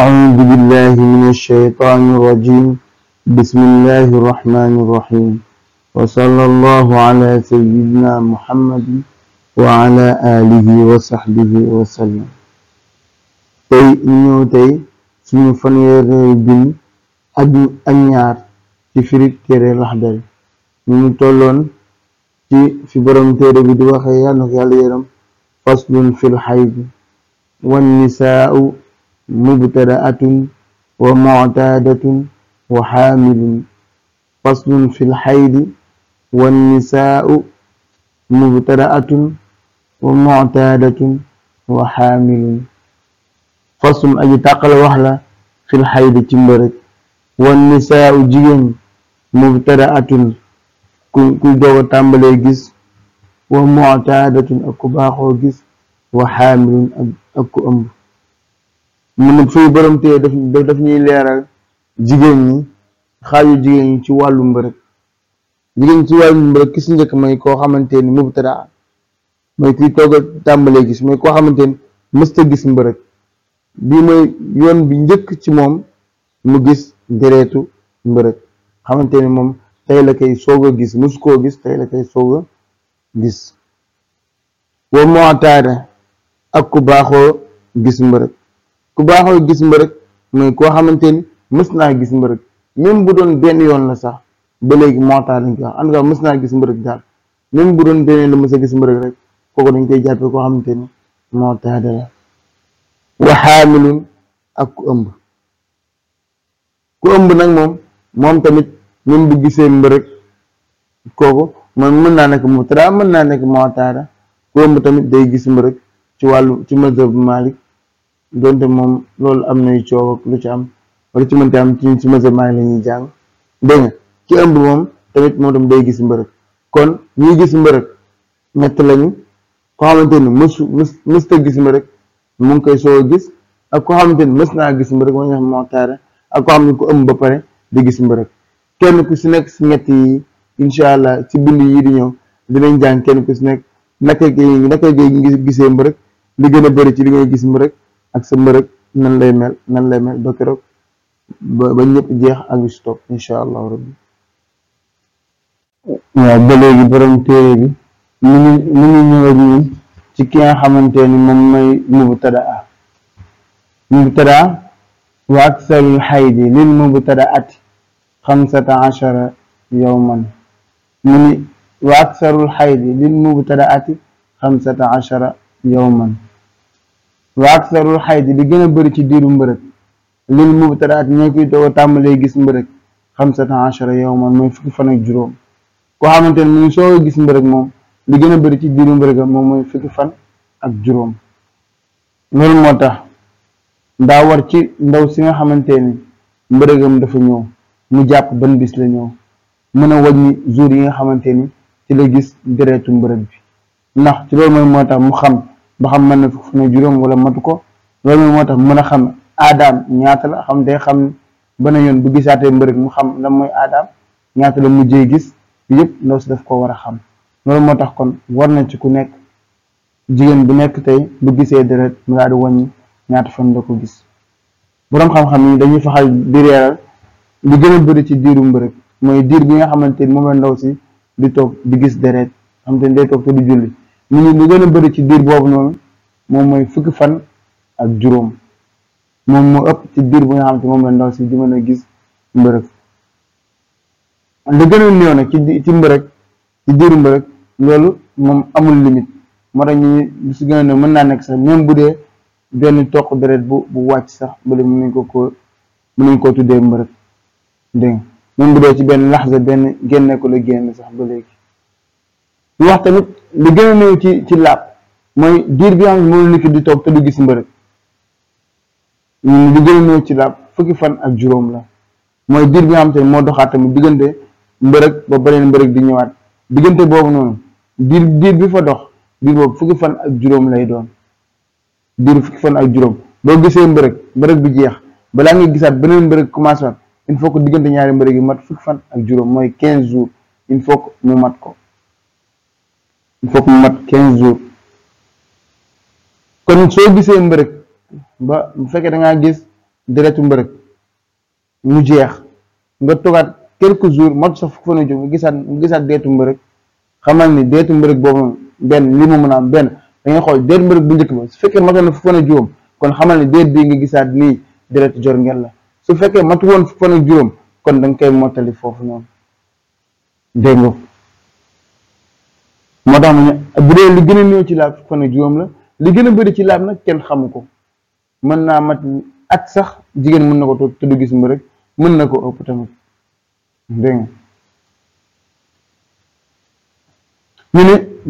أعوذ بالله من الشيطان الرجيم بسم الله الرحمن الرحيم وصلى الله على سيدنا محمد وعلى آله وصحبه وسلم tey ñëw tey suñu fanweeri bind ak ñaar ci firig téere Laxdari ñu ngi tolloon ci fi borom téere bi di waxee yàlla na ko yàlla yërëm faslun fil xayd wan nisaa'u مبتدأة ومعتادة وحامل فصل في الحيض والنساء مبتدأة ومعتادة وحامل faslun aji tàqal wax la fil xaydi ci mbërëg wan nisaau jigéen mubtadaatun ku ku doog a tàmbalee gis wa muctaadatun ak ku baaxoo gis wa xaamilun ak ku ëmb mu nag suñu borom téye daf daf ñuy leeral jigéen ñi xaaju jigéen ñi ci wàllu mbërëg jigéen ñi ci wàllu mbërëg ki si njëkk mooy koo xamante ni mubtada mooy kii toog a tàmbalee gis koo xamante ni mësta gis mbërëg bi mooy yoon bi njëkk ci moom mu gis dereetu mbërëg xamante ni moom tey la koy soog a gis mus koo gis tey la koy sooga gis wa moo taada ak ku baaxoo gis mbërëg ku baaxoo gis mbërëg mooy koo xamante ni mës naa gis mbërëg même bu doon benn yoon la sax ba léegi montant lañ koy wax en tout naa gis mbërëg daal bu doon la mës a gis mbërëg rek kooku dañ koy jàppee koo xamante ni montant la wa ak ku ëmb ku ëmb nag moom moom tamit même bu gisee mbërëg kooku man mën naa nekk mubtada mën naa nekk montant la ku ëmb tamit day gis mbërëg ci wàllu ci mazhab Malik donte moom loolu am nay coow ak lu ci am wala ci mënti am ci ci mazhab Maalik la ñuy jàng dégg nga ki ëmb moom tamit moom tam day gis mbërëg kon ñuy gis mbërëg ñett lañu ko xamante ni mës mës mës mu ngi koy soo gis ak ko xamante naa gis mbërëg moo xam moo taare ak ko xam ne ko ëmb ba pare di gis mbërëg kenn ku si nekk si ñett yi incha allah ci bind yi di ñëw dinañ jàng kenn ku si nekk naka ngay naka ngay gisee mbërëg li a bëri ci li ngay gis mbërëg ak sa mbërëg nan lay mel nan lay mel ba keroog ba jeex ak yu si topp incha allahu rabbi waaw ba léegi bi mu ngi mu ngi ñëw ak ñun ci ki nga xamante ni moom mooy mubtadaa mubtadaa wa aksarul xaydi lil mubtadaati xamsata achara yowman mu ni wa aksarul xaydi lil mubtadaati xamsata achara yowman wa aksarul xayd li gën a bëri ci diiru mbërëg lil mubtadaat ñoo koy doog tàmbalee gis mbërëg xamsata achara yowman yow fukki fan juróom koo xamante ne mu ngi gis mbërëg moom li gën a bëri ci diiru mbërëgam moom mooy fukki fan ak juróom loolu moo tax daa war ci ndaw si nga xamante ni mbërëgam dafa ñëw mu jàpp ban bis la ñëw mën a wàññi jour yi nga xamante ni ci la gis deretu mbërëg bi ndax ci loolu mooy moo tax mu xam ba xam mën na fukk fan juróom wala matu ko loolu moo tax mën a xam aadaam ñaata la xam day xam ba bana yoon bu gisaatee mbërëg mu xam lan mooy aadaam ñaata la mujjee gis yëpp ndaw si daf ko war a xam loolu moo tax kon war na ci ku nekk jigéen bu nekk tey bu gisee deret mu daal di wàññi ñaata fan la ko gis boroom xam-xam yi dañuy faxal di reeral lu gën a bëri ci diiru mbërëg mooy diir bi nga xamante ni moom la ndaw si di toog di gis deret xam te ni day toog te du julli mu ni lu gën bëri ci diir boobu noonu moom mooy fukki fan ak juróom moom moo ëpp ci diir bu nga xam te moom la ndaw si di mën a gis mbërëg lu gën a néew nag ci ci ci diiru mbërëg loolu moom amul limite moo tax ñu mën naa nekk sax même bu dee benn toq deret bu bu wàcc sax bële mën nañ ko koo mën nañ koo tuddee mbërëg dégg même bu dee ci benn laxsa benn génne ko la génn sax ba léegi wax tamit li gën a néew ci ci laab mooy diir bi nga xam ne moom la nit di toog te du gis mbërëg li gën a néew ci laab fukki fan ak juróom la mooy diir moo doxaat tamit diggante mbërëg ba beneen mbërëg di ñëwaat diggante boobu noonu diir diir bi dox diir fan ak juróom lay doon diir fukki fan ak juróom boo gisee mbërëg mbërëg bi jeex balaa nga gisaat beneen mbërëg commencé waat il faut diggante ñaari mbërëg yi mat fukki fan ak juróom mooy quinze jours il faut que mu mat ko il mat quinze jours kon soo gisee mbërëg ba bu fekkee dangaa gis deretu mbërëg mu jeex nga togaat quelque jours matu sax fukk fan a jóg mu gisaat mu gisaat deetu mbërëg xamal ni deetu mbërëg boobu benn li mu mën a am benn da ngay xool deetu mbërëg bu njëkk ba su fekkee matu juróom kon xamal ni deet bii nga gisaat nii deretu jor ngeen la su fekkee matu woon fukk fan juróom kon da nga mottali foofu noonu dégg nga moo tax mu ne bu dee li gën a néew ci laab fan ak juróom la li gën a bëri ci laab nag kenn xamu ko mën naa mat ak sax jigéen mën na ko toog te du gis mbir rek mën na ko ëpp tamit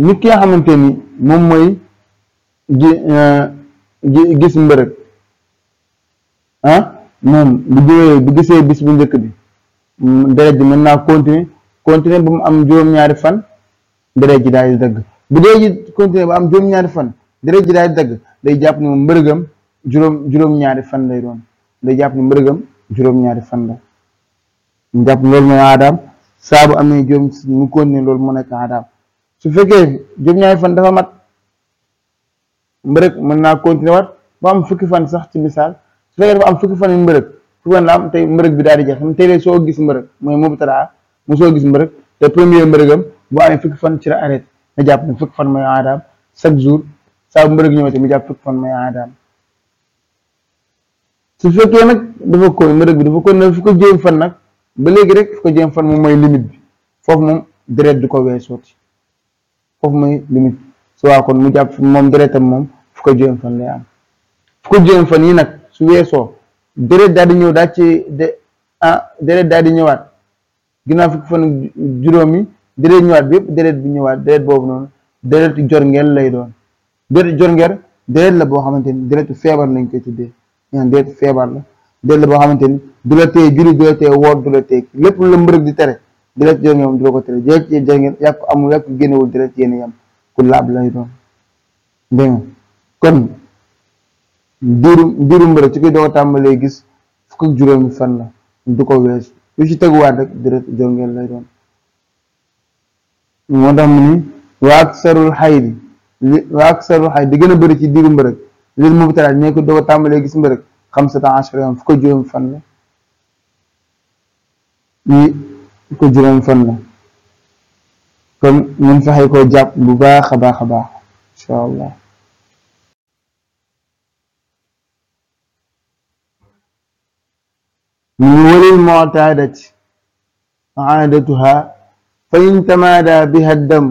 nit ki nga xamante moom mooy gi eh, gis mbërëg ah moom bu gisee bis bu njëkk bi deret ji mën naa continuer continuer ba mu am juróom-ñaari fan deret ji daal dëgg dagg bu dee ji continuer ba am juróom-ñaari fan deret ji daal di dagg day jàpp ni moom juróom juróom-ñaari fan lay doon day jàpp ni mbërëgam juróom-ñaari fan la jàpp loolu mooy saa bu amee juróom mu continuer loolu moo nekk aadaam su fekkee juróom-ñaari fan dafa mat mbërëg mën naa continuer waat ba am fukki fan sax ci misaal su fekkee dafa am fukki fan yu mbërëg fukki fan la am tey mbërëg bi daal di jeex tey de soo gis mbërëg mooy mubtaraa mu soo gis mbërëg te premier mbërëgam bu amee fukki fan ci la arrêté nga jàpp ne fukki fan mooy aadaam saa bu mbërëg ñëwatee jàpp fukki fan su fekkee nag dafa koy mbërëg bi dafa koy ne fu ko jéem fan nag ba léegi rek fu ko jéem fan moom mooy limite bi foofu moom deret du ko weesooti foofu mooy limite su waa kon mu jàpp moom deretam moom fu ko jéem fan lay am fu ko jéem fan yi nag su weesoo deret daal di ñëw daa ci de ah deret daal di ñëwaat ginnaaw fukki fan juróomi déret ñëwaat bi yëpp déret bi ñëwaat déret boobu noonu déretu jorngeel lay doon déretu jorngeel déret la boo xamante ni déretu feebar lañ koy tuddee ñaan déretu la déret la boo xamante ni du la tee julli du la tee woor du la tee lépp lu mbërëg di tere déretu jorngeel moom du la ko tere déretu jorngeel yàq ko amul yàq ko génnewul déret yéen yam ku laab lay doon dégg nga kon diiru diiru mbërëg ci koy doo ko tàmbalee gis fukk ak juróomi fan la du ko weesu lu ci teguwaat rek déretu jorngeel lay doon moo tax mu ni wa aksarul xaydi wa aksarul xaydi di gën a bëri ci diiru mbërëg lil mubtala nekk doo ko tàmbalee gis mbërëg xamsata achara yoon fukk juróom fan la fan la kon ñun fexe koo jàpp bu baax a baax a baax incha allah mu walil mu'tadati aadatuha فإن تمادى بها الدم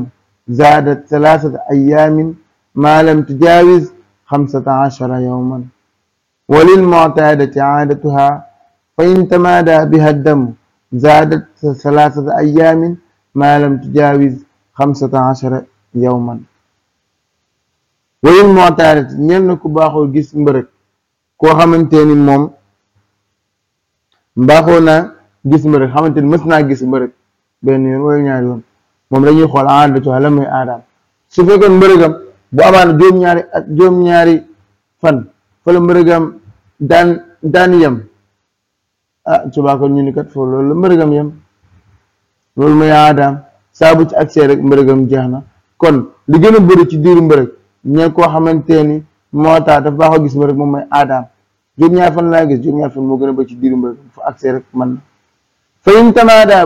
زادت ثلاثة أيام ما لم تجاوز خمسة عشر يوما وللمعتادة عادتها فإن تمادى بها الدم زادت ثلاثة أيام ما لم تجاوز خمسة عشر يوما وللمعتادة ñeel na ku baaxoo gis mbërëg koo xamante ni moom baaxoo naa gis mbërëg xamante ni mës naa gis mbërëg benn yoon wala ñaari moom moom dañuy xool aada ci lan mooy aadaam su fekkoon mbërëgam bu amaana juróom-ñaari ak juróom-ñaari fan fa la mbërëgam daan daan yem ah subaa kon ñu ni kat foofu loolu la mbërëgam yem loolu mooy aadaam saa bu ci accès rek mbërëgam jeex na kon li gën a bëri ci diiru mbërëg ñee koo xamante ni moo tax dafa baax a gis mbërëg moom mooy aadaam juróom-ñaari fan laa gis juróom-ñaari fan moo gën a bëri ci diiru mbërëg fa accès rek man na fa in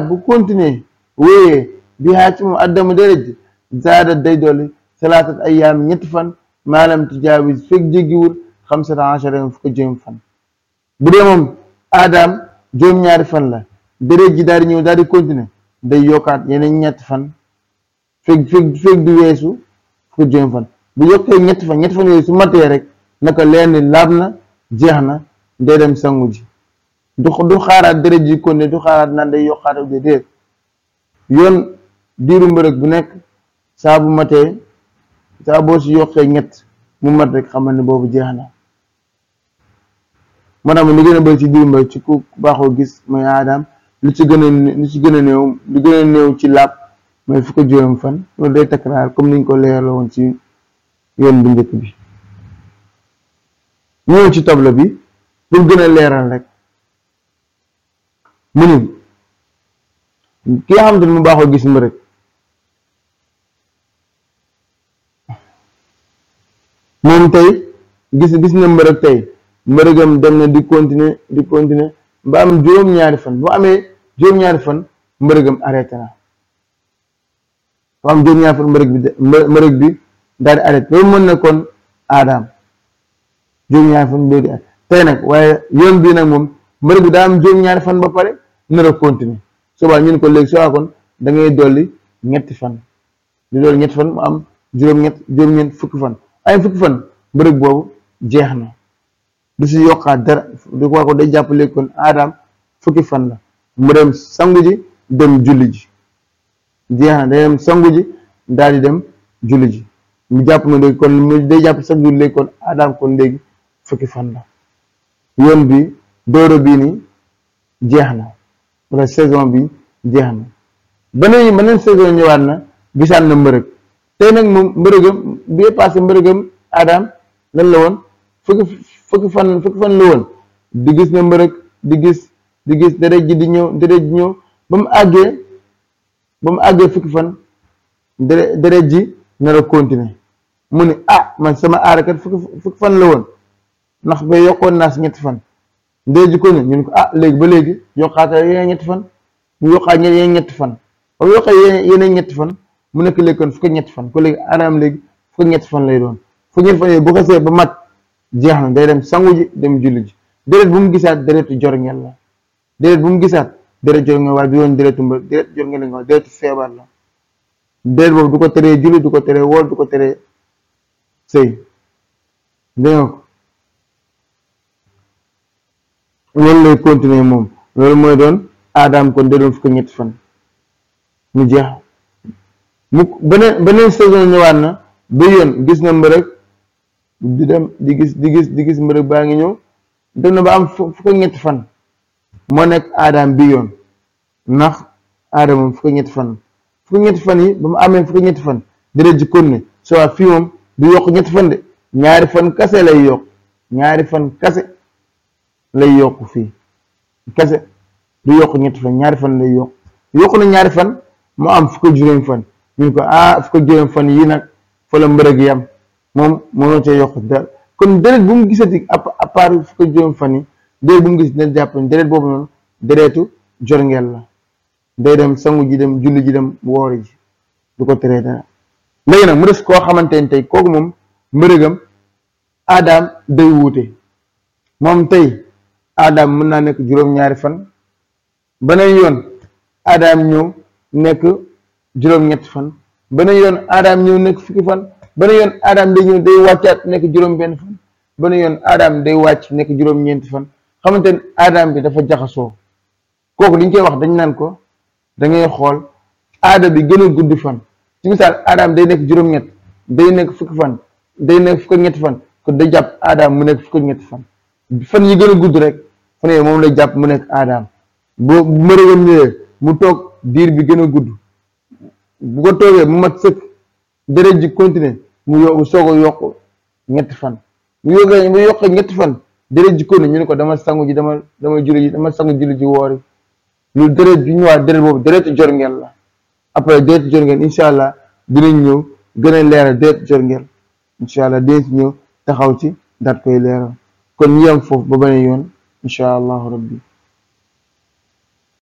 bu continuer wéyee bi haa ci moom addamu dérëj zaadat day dolli salaatat ayaam ñetti fan maalam tujaawis fekk jéggiwul xamsata achara fukk juróom fan bu dee ñaari fan la dérëj ji daal di ñëw daal di continuer day yokkaat yeneen ñetti fan fekk weesu fukk juróom fan bu yokkee ñetti fan ñetti fan yooyu su matee rek naka leen laab na jeex na day dem sangu ji du du xaaraat dérëj ji kon ne du xaaraat naan day yokkaat ak déedéet yoon diiru mbërëg bu nekk saa bu matee saa boo si yokkee ñett mu mat rek xamal ne boobu jeex na ma li gën a bëri ci diiru mbërëg ci ku baaxoo gis mooy aadaam lu ci gën a lu ci gën a néew lu gën ci laab mooy fukk ak juróom fan loolu day takraar comme niñ ko leerloo woon ci yoon bu njëkk bi ñëw ci tableau bi pour gën a leeral rek mu ni ki nga xamante ni mu baaxoo gis mbërëg moom tey gis gis na mbërëg tey mbërëgam dem na di continuer di continuer ba am juróom-ñaari fan bu amee juróom-ñaari fan mbërëgam arrêté na bu am juróom-ñaari fan mbërëg bi mbërëg bi daal di arrêté mën na kon aadaam juróom-ñaari fan loolu di tey nag waaye yoon bii nag moom mbërëg bi daa am juróom-ñaari fan ba pare nar a continuer subaa ñu ne ko léegi subaa kon da ngay dolli ñetti fan di dolli ñetti fan mu am juróom-ñett juróom-ñeent fukki fan ay fukki fan bërëb boobu jeex na du si yokkaat dara du ko ko kon aadaam fukki fan la mu dem ji dem julli ji jeex na day ji daal di dem julli ji jàpp na léegi kon mu jàpp sax julli léegi kon aadaam kon léegi fukki fan la yoon bi dooro bii nii jeex na wala saison bi jeex na beneen beneen saison ñëwaat na gisaat na mbërëg tey nag moom mbërëgam bi passé mbërëgam Adam lan la woon fukki fukki fan fukki fan la woon di gis na mbërëg di gis di gis deret ji di ñëw deret ji ñëw ba mu àggee ba mu àggee fukki fan deret deret ji nar a continuer mu ne ah man sama aarakat fukki fukki fan la woon ndax ba yokkoon naa si ñetti fan ndey ji ko ne ñu ko ah léegi ba léegi yokkaata yeneen ñetti fan bu yokkaat ñetti fan ba mu yokkaat yeneen ñetti fan mu nekk léegi kon fukki ñetti fan ko léegi araam léegi fukki ñett fan lay doon fukki ñetti fan yooyu bu xasee ba mat jeex na day dem sangu dem julli ji déret bu mu gisaat déretu jorngel la déret bu mu gisaat déret jorngel waaye bi woon déretu mbër déret jorngel la nga wax déretu feebar la déret boobu du ko teree julli du ko teree woor du ko teree loolu lay continuer moom loolu mooy doon aadaam kon delloo ko ñetti fan mu jeex mu beneen beneen saison ñëwaat na ba yoon gis na mbërëg di dem di gis di gis di gis mbërëg baa ngi ñëw dem na ba am fukk ñetti fan moo nekk aadaam bi yoon ndax aadaam fukk ñetti fan fukk ñetti fan yi ba mu amee fukk ñetti fan dara jikkoon ne soo fii moom du yokk ñetti fan de ñaari fan kase lay yokk ñaari fan kase lay yokku fii kese du yokk ñetti fan ñaari fan lay yokk yokku na ñaari fan mu am fukk ko ah fukk juróom fan yi nag fa la mbërëg yam moom mënoo ca yokk dara kon deret bu mu gisati à part fukk juróom fan yi deret bu mu gis dina jàpp deret boobu noonu deretu jorngeel la day dem sangu ji dem julli ji dem woori ji du ko teree dara léegi nag mu des koo xamante tey kooku moom mbërëgam aadaam day wuute moom tey aadaam mën naa nekk juróom-ñaari fan beneen yoon aadaam ñëw nekk fan beneen yoon aadaam ñëw nekk fukki fan beneen yoon aadaam day ñëw wàccaat nekk juróom-benn fan beneen yoon aadaam day wàcc nekk juróom-ñeenti fan xamante ne aadaam bi dafa jaxasoo kooku dañ koy wax dañ naan ko dangay ngay xool aada bi gën a guddi fan ci misaal aadaam day nekk juróom-ñett day nekk fukki fan day nekk fukki ñetti fan ko da jàpp aadaam mu nekk fukki ñetti fan fan yi gën a gudd rek fu ne moom la jàpp mu nekk aadaam boo bu mu toog diir bi gën a gudd bu ko toogee mu mat sëkk deret ji continuer mu yo mu soog a yokk ñetti fan mu yokkee mu ñetti fan deret ji continuer ñu ne ko dama sangu ji dama dama julli ji dama sangu julli ji woori lu deret bi ñëwaat deret boobu deretu jorngeel la après deretu jorngeel incha allah dinañ ñëw gën a leeral deretu jorngeel incha allah dinañ si ñëw taxaw ci daat koy leeral kon ñu yem foofu ba beneen yoon incha allahu rabbi